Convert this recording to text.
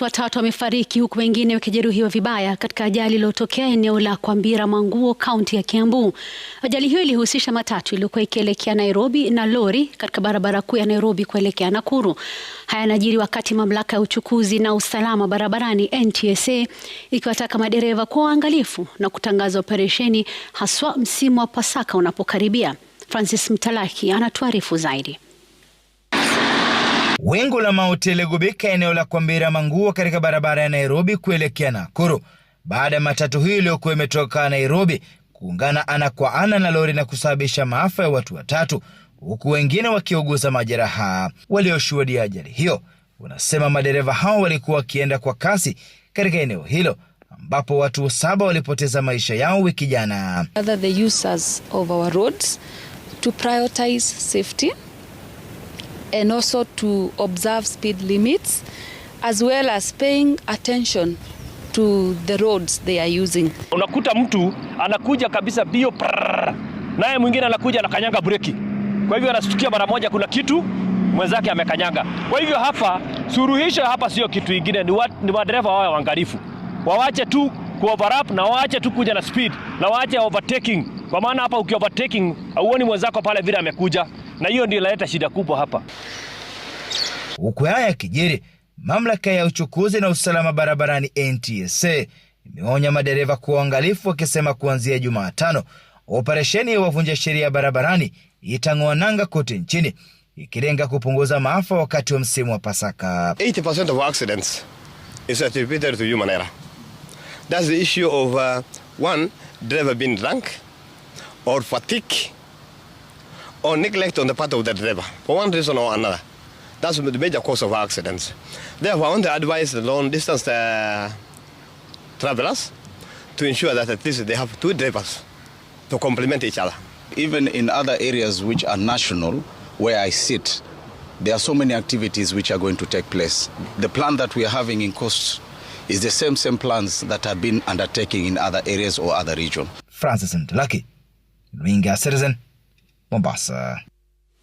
Watu watatu wamefariki huku wengine wakijeruhiwa vibaya katika ajali iliyotokea eneo la Kwambira Manguo, kaunti ya Kiambu. Ajali hiyo ilihusisha matatu iliyokuwa ikielekea Nairobi na lori katika barabara kuu ya Nairobi kuelekea Nakuru. Haya yanajiri wakati mamlaka ya uchukuzi na usalama barabarani NTSA ikiwataka madereva kuwa waangalifu na kutangaza operesheni haswa msimu wa Pasaka unapokaribia. Francis Mtalaki anatuarifu zaidi. Wingu la mauti liligubika eneo la Kwambira Manguo katika barabara ya Nairobi kuelekea Nakuru baada ya matatu hiyo iliyokuwa imetoka Nairobi kuungana ana kwa ana na lori na kusababisha maafa ya watu watatu huku wengine wakiuguza majeraha. Walioshuhudia ajali hiyo wanasema madereva hao walikuwa wakienda kwa kasi katika eneo hilo ambapo watu saba walipoteza maisha yao wiki jana and also to observe speed limits as well as paying attention to the roads they are using. Unakuta mtu anakuja kabisa bio naye mwingine anakuja anakanyaga breki, kwa hivyo anashtukia mara moja kuna kitu mwenzake amekanyaga. Kwa hivyo hapa suruhisho hapa sio kitu ingine, ni, wat, ni wadereva wawe waangalifu, wawache tu overlap na waache tu kuja na speed na waache overtaking, kwa maana hapa ukiovertaking hauoni mwenzako pale vile amekuja na hiyo ndio inaleta shida kubwa hapa. Huku haya yakijiri, mamlaka ya uchukuzi na usalama barabarani NTSA imeonya madereva kuwa uangalifu, wakisema kuanzia Jumatano operesheni ya wavunja sheria barabarani itang'oa nanga kote nchini ikilenga kupunguza maafa wakati wa msimu wa Pasaka. 80% of accidents is attributed to human error. That's the issue of uh, one driver being drunk or fatigue or oh, neglect on the part of the driver for one reason or another. That's the major cause of accidents. Therefore, I want to advise the long distance uh, travelers to ensure that at least they have two drivers to complement each other. Even in other areas which are national, where I sit, there are so many activities which are going to take place. The plan that we are having in Coast is the same same plans that have been undertaken in other areas or other regions. Francis and Lucky, Ringa Citizen. m b a s s